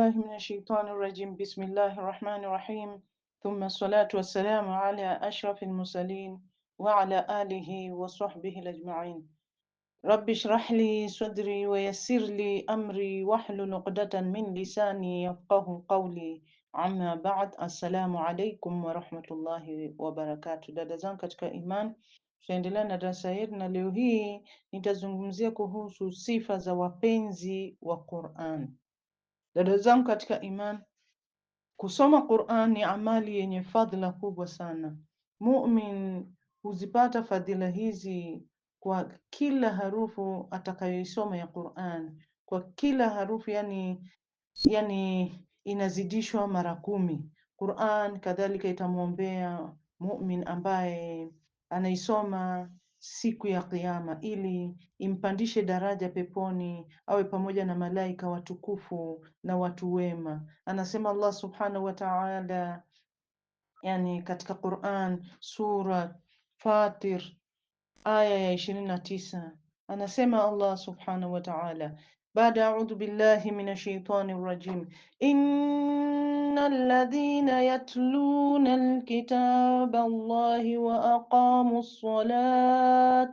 billahi minashaitanir rajim bismillahir rahmani rahim thumma salatu wassalamu ala ashrafil lmursalin wa ala alihi wa sahbihi ajma'in rabbi shrah li sadri wa li amri wahlul uqdatan min lisani yafqahu qawli amma ba'd assalamu alaikum wa rahmatullahi wa dada zangu katika iman Tutaendelea na darasa yetu na leo hii nitazungumzia kuhusu sifa za wapenzi wa Qur'an. Dada zangu katika iman kusoma Qur'an ni amali yenye fadhila kubwa sana. Mumin huzipata fadhila hizi kwa kila harufu atakayoisoma ya Qur'an, kwa kila harufu yani, yani inazidishwa mara kumi. Qur'an kadhalika itamwombea mumin ambaye anaisoma siku ya Kiyama ili impandishe daraja peponi, awe pamoja na malaika watukufu na watu wema. Anasema Allah subhanahu wa ta'ala, yani katika Quran sura Fatir aya ya ishirini na tisa anasema Allah subhanahu wa ta'ala, بعد أعوذ بالله من الشيطان الرجيم إن الذين يتلون الكتاب الله وأقاموا الصلاة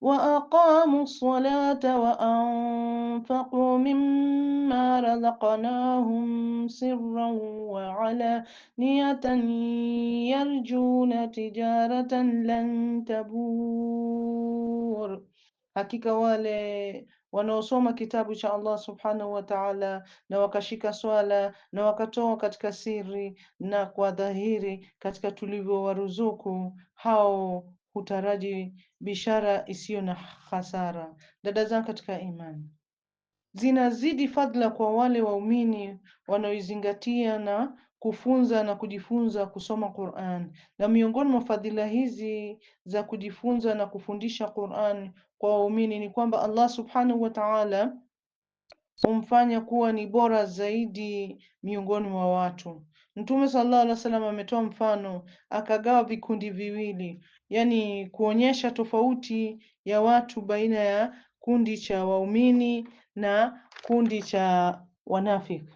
وأقاموا الصلاة وأنفقوا مما رزقناهم سرا وعلانية يرجون تجارة لن تبور حقيقة wale wanaosoma kitabu cha Allah subhanahu wa ta'ala na wakashika swala na wakatoa katika siri na kwa dhahiri katika tulivyowaruzuku hao hutaraji bishara isiyo na hasara. Dada zangu katika imani, zinazidi fadhila kwa wale waumini wanaoizingatia na kufunza na kujifunza kusoma Qur'an. Na miongoni mwa fadhila hizi za kujifunza na kufundisha Qur'an kwa waumini ni kwamba Allah subhanahu wa ta'ala humfanya kuwa ni bora zaidi miongoni mwa watu. Mtume sallallahu alaihi wasallam ametoa mfano, akagawa vikundi viwili, yani kuonyesha tofauti ya watu baina ya kundi cha waumini na kundi cha wanafiki.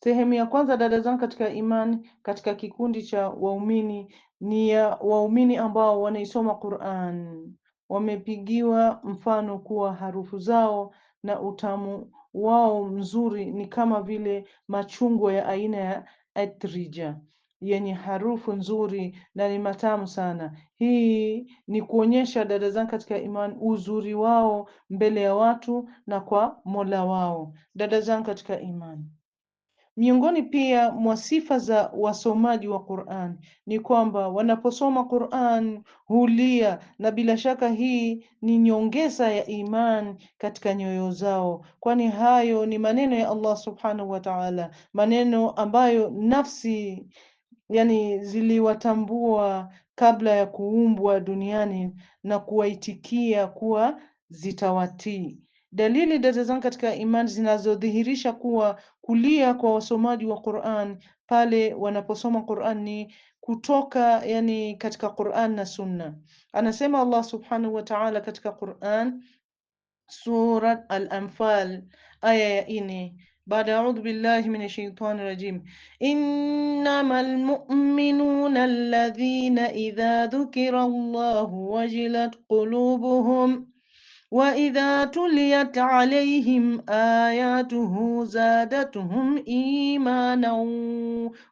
Sehemu ya kwanza, dada zangu katika imani, katika kikundi cha waumini ni ya waumini ambao wanaisoma Qur'an wamepigiwa mfano kuwa harufu zao na utamu wao mzuri ni kama vile machungwa ya aina ya etrija yenye harufu nzuri na ni matamu sana. Hii ni kuonyesha dada zangu katika imani uzuri wao mbele ya watu na kwa Mola wao. Dada zangu katika imani Miongoni pia mwa sifa za wasomaji wa Qur'an ni kwamba wanaposoma Qur'an hulia, na bila shaka hii ni nyongeza ya iman katika nyoyo zao, kwani hayo ni maneno ya Allah subhanahu wa ta'ala, maneno ambayo nafsi yani ziliwatambua kabla ya kuumbwa duniani na kuwaitikia kuwa zitawatii. Dalili dada zangu katika imani zinazodhihirisha kuwa kulia kwa wasomaji wa Qur'an pale wanaposoma Qur'an ni kutoka yani katika Qur'an na Sunna. Anasema Allah subhanahu wa ta'ala katika Qur'an Surat Al-Anfal aya ya nne بعد audhu billahi من الشيطان rajim إنما المؤمنون alladhina idha dhukira Allahu wajilat qulubuhum وإذا تليت عليهم آياته زادتهم إيمانا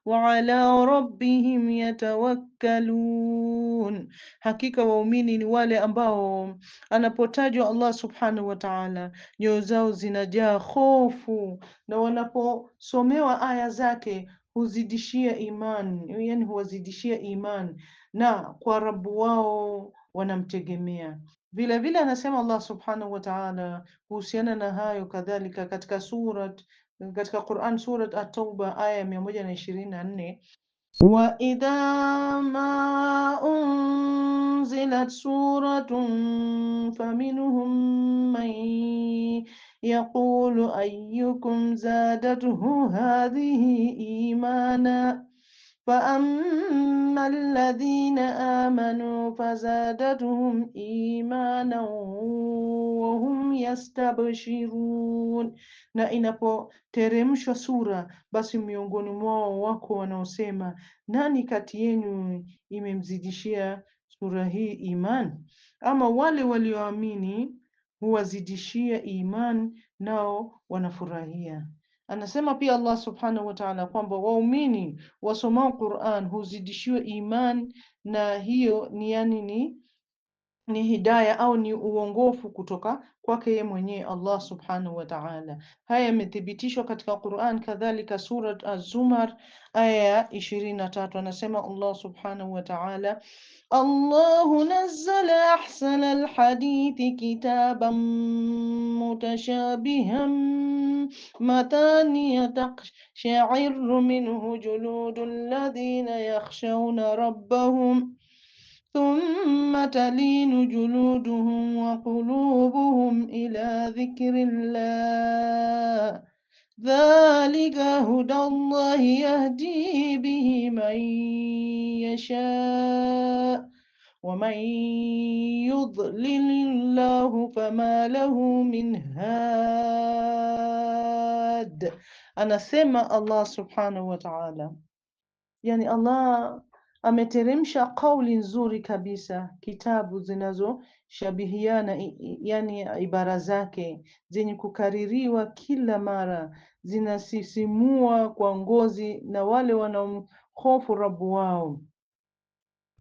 وعلى rabbihim yatawakkalun, hakika waumini ni wale ambao anapotajwa Allah subhanahu wa ta'ala nyoyo zao zinajaa hofu na wanaposomewa aya zake huzidishia imani, yani huwazidishia iman na kwa Rabu wao wanamtegemea. Vile vile anasema Allah subhanahu wa ta'ala kuhusiana na hayo kadhalika katika surat katika Quran surat At-Tauba aya ya mia moja na ishirini na nne wa idha ma unzilat suratun faminhum man yaqulu ayyukum zadatuhu hadhihi imana فأما الذين آمنوا فزادتهم imana wahum yastabshirun, na inapoteremshwa sura, basi miongoni mwao wako wanaosema, nani kati yenu imemzidishia sura hii iman? Ama wale walioamini huwazidishia iman, nao wanafurahia. Anasema pia Allah subhanahu wa ta'ala kwamba waumini wasomao Qur'an huzidishiwa iman, na hiyo ni yani ni ni hidaya au ni uongofu kutoka kwake yeye mwenyewe Allah subhanahu wa ta'ala. Haya yamethibitishwa katika Quran, kadhalika Surat Az-Zumar aya ya ishirini na tatu anasema Allah subhanahu wa ta'ala, Allahu nazzala ahsana al-hadithi kitaban mutashabihan mataniya taqsha'irru minhu juludul alladhina yakhshawna rabbahum ثم تلين جلودهم وقلوبهم إلى ذكر الله ذلك هدى الله يهدي به من يشاء ومن يضلل الله فما له من هاد أنا سمع الله سبحانه وتعالى يعني الله ameteremsha kauli nzuri kabisa kitabu zinazoshabihiana yani ibara zake zenye kukaririwa kila mara zinasisimua kwa ngozi na wale wanaomhofu Rabu wao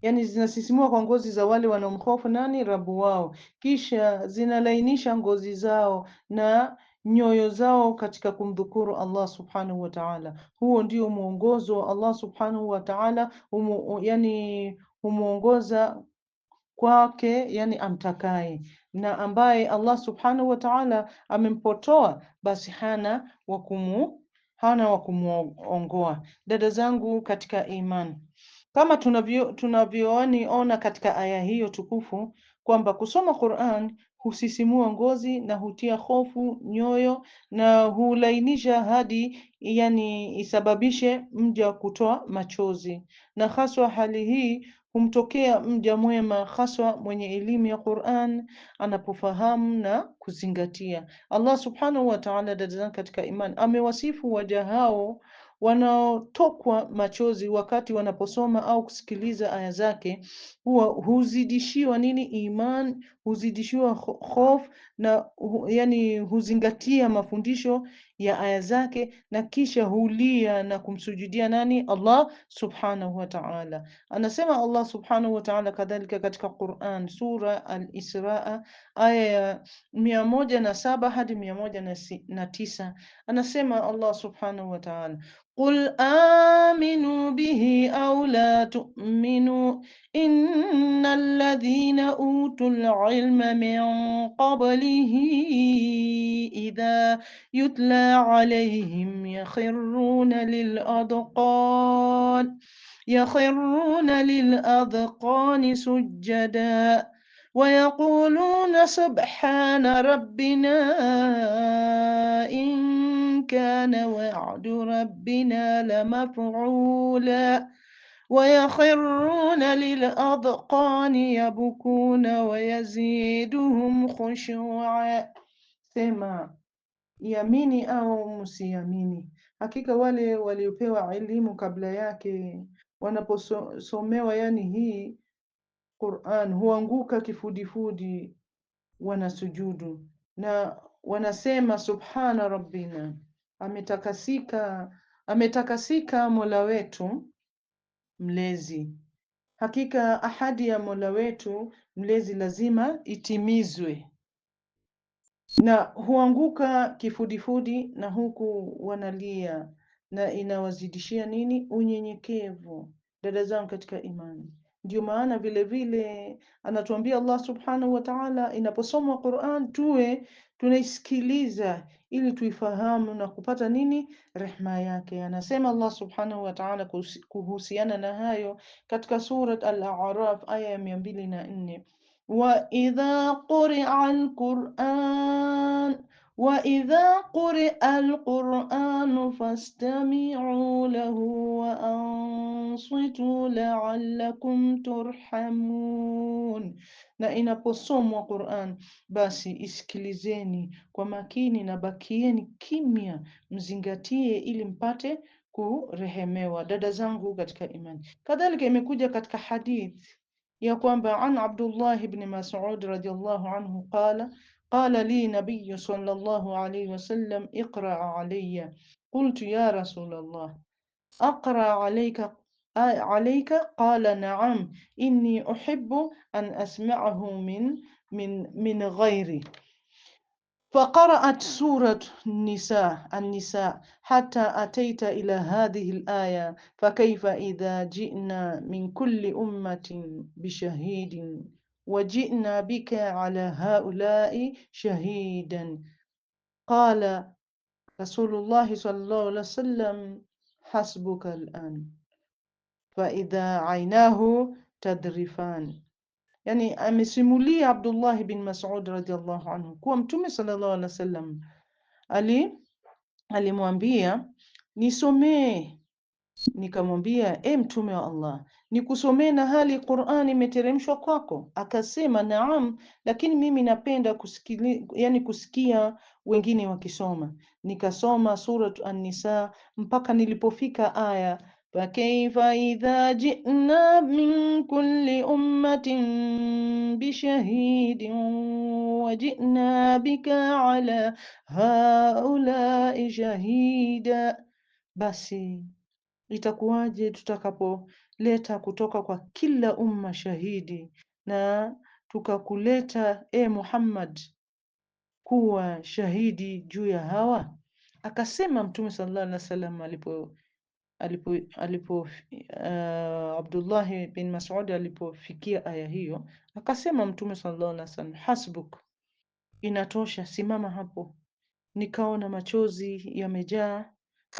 yani zinasisimua kwa ngozi za wale wanaomhofu nani Rabu wao, kisha zinalainisha ngozi zao na nyoyo zao katika kumdhukuru Allah subhanahu wa ta'ala. Huo ndio mwongozo wa Allah subhanahu wa ta'ala, um, yani humwongoza kwake yani amtakaye, na ambaye Allah subhanahu wa ta'ala amempotoa basi hana wa kumu hana wa kumuongoa. Dada zangu katika imani, kama tunavyo tunavyoona katika aya hiyo tukufu kwamba kusoma Qur'an husisimua ngozi na hutia hofu nyoyo na hulainisha hadi yani isababishe mja kutoa machozi. Na haswa hali hii humtokea mja mwema, haswa mwenye elimu ya Qur'an anapofahamu na kuzingatia. Allah subhanahu wa ta'ala, dada zangu katika iman, amewasifu waja hao wanaotokwa machozi wakati wanaposoma au kusikiliza aya zake, huwa huzidishiwa nini? Iman, huzidishiwa hof na hu, yani huzingatia mafundisho ya aya zake, na kisha hulia na kumsujudia nani? Allah subhanahu wa ta'ala. Anasema Allah subhanahu wa ta'ala kadhalika katika Quran sura Al-Israa aya ya mia moja na saba hadi mia moja na tisa anasema Allah subhanahu wa ta'ala قل آمنوا به أو لا تؤمنوا إن الذين أوتوا العلم من قبله إذا يتلى عليهم يخرون للأذقان يخرون للأذقان سجدا ويقولون سبحان ربنا إن كان وعد ربنا لمفعولا ويخرون للأذقان يبكون ويزيدهم خشوعا sema yamini au msiamini hakika wale waliopewa elimu kabla yake wanaposomewa yani hii Qur'an huanguka kifudifudi wanasujudu na wanasema subhana rabbina ametakasika, ametakasika Mola wetu mlezi. Hakika ahadi ya Mola wetu mlezi lazima itimizwe, na huanguka kifudifudi na huku wanalia, na inawazidishia nini? Unyenyekevu. Dada zangu katika imani, ndio maana vile vile anatuambia Allah subhanahu wa ta'ala, inaposomwa Qur'an tuwe tunaisikiliza ili tuifahamu na kupata nini rehma yake. Anasema Allah subhanahu wa ta'ala kuhusiana na hayo katika Surat Al-A'raf aya ya mia mbili na nne wa idha quri'a al-Qur'an وإذا قرئ القرآن فاستمعوا له waansitu la'allakum turhamun, na inaposomwa Qur'an basi isikilizeni kwa makini na bakieni kimya, mzingatie ili mpate kurehemewa. Dada zangu katika imani, kadhalika imekuja katika hadithi يا كوانبا عن عبد الله بن مسعود رضي الله عنه قال قال لي نبي صلى الله عليه وسلم اقرا علي قلت يا رسول الله اقرا عليك عليك قال نعم اني احب ان اسمعه من من من غيري فقرأت سورة النساء النساء حتى أتيت إلى هذه الآية فكيف إذا جئنا من كل أمة بشهيد وجئنا بك على هؤلاء شهيدا قال رسول الله صلى الله عليه وسلم حسبك الآن فإذا عيناه تذرفان yani amesimulia Abdullah bin Mas'ud radhiallahu anhu kuwa Mtume sallallahu alaihi wasallam ali alimwambia nisomee Nikamwambia, e mtume wa Allah, nikusomee na hali Qur'ani imeteremshwa kwako? Akasema, naam, lakini mimi napenda kusikili, yani kusikia wengine wakisoma. Nikasoma Suratu An-Nisa mpaka nilipofika aya فكيف إذا جئنا من كل أمة بشهيد وجئنا بك على هؤلاء شهيدا, basi itakuwaje tutakapoleta kutoka kwa kila umma shahidi na tukakuleta e Muhammad kuwa shahidi juu ya hawa? Akasema Mtume sallallahu alaihi wasallam alipo alipo, alipo uh, Abdullahi bin Mas'ud alipofikia aya hiyo akasema Mtume sallallahu alaihi wasallam, hasbuk, inatosha, simama hapo. Nikaona machozi yamejaa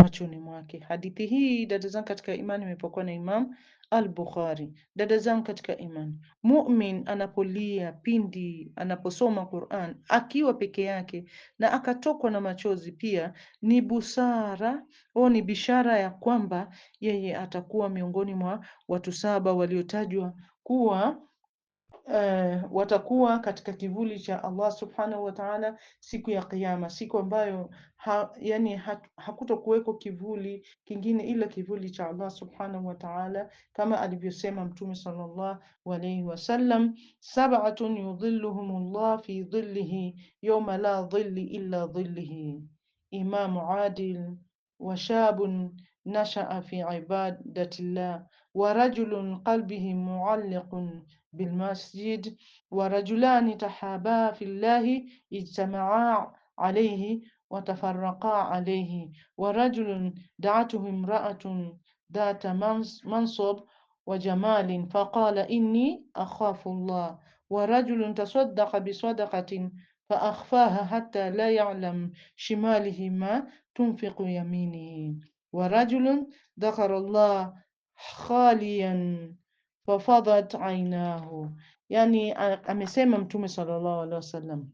machoni mwake. Hadithi hii dada zangu katika imani imepokwa na Imam al-Bukhari. Dada zangu katika imani, mumin anapolia pindi anaposoma Qur'an akiwa peke yake na akatokwa na machozi, pia ni busara au ni bishara ya kwamba yeye atakuwa miongoni mwa watu saba waliotajwa kuwa uh, watakuwa katika kivuli cha Allah subhanahu wa ta'ala siku ya Kiyama, siku ambayo ha, yani ha, hakutokuweko kivuli kingine ila kivuli cha Allah subhanahu wa ta'ala, kama alivyosema Mtume sallallahu alayhi wasallam, sab'atun yudhilluhum Allah fi dhillihi yawma la dhilli illa dhillihi, Imamu Adil wa shabun نشأ في عبادة الله ورجل قلبه معلق بالمسجد ورجلان تحابا في الله اجتمعا عليه وتفرقا عليه ورجل دعته امرأة ذات منصب وجمال فقال إني أخاف الله ورجل تصدق بصدقة فأخفاها حتى لا يعلم شماله ما تنفق يمينه wa rajulun dhakara Allah khalian fafadhat ainahu, yani amesema Mtume sallallahu alaihi wasallam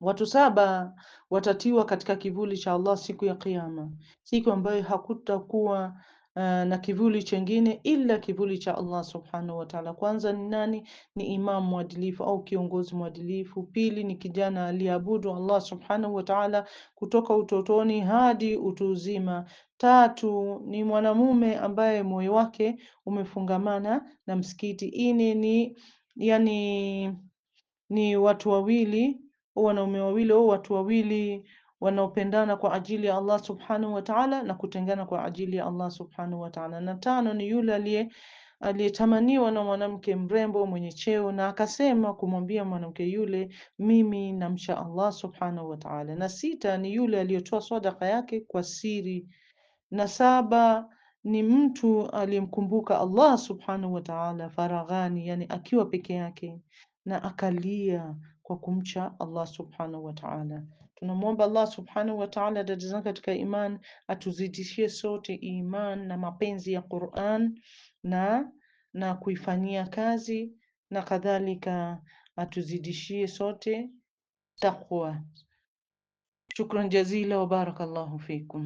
watu saba watatiwa katika kivuli cha Allah siku ya Kiyama, siku ambayo hakutakuwa Eh, na kivuli chengine ila kivuli cha Allah subhanahu wa ta'ala. Kwanza ni nani? Ni imam mwadilifu au kiongozi mwadilifu. Pili ni kijana aliabudu Allah subhanahu wa ta'ala kutoka utotoni hadi utu uzima. Tatu ni mwanamume ambaye moyo wake umefungamana na msikiti. Ini ni yani ni watu wawili au wanaume wawili au watu wawili wanaopendana kwa ajili ya Allah subhanahu wa ta'ala na kutengana kwa ajili ya Allah subhanahu wa ta'ala. Na tano ni yule aliye aliyetamaniwa na mwanamke mrembo mwenye cheo na akasema kumwambia mwanamke yule, mimi namcha Allah subhanahu wa ta'ala. Na sita ni yule aliyotoa sadaka yake kwa siri, na saba ni mtu aliyemkumbuka Allah subhanahu wa ta'ala faraghani, yani akiwa peke yake na akalia kwa kumcha Allah subhanahu wa ta'ala. Tunamwomba Allah subhanahu wa ta'ala, dada zangu katika iman, atuzidishie sote iman na mapenzi ya Qur'an na na kuifanyia kazi na kadhalika, atuzidishie sote taqwa. Shukran jazila wa barakallahu fikum.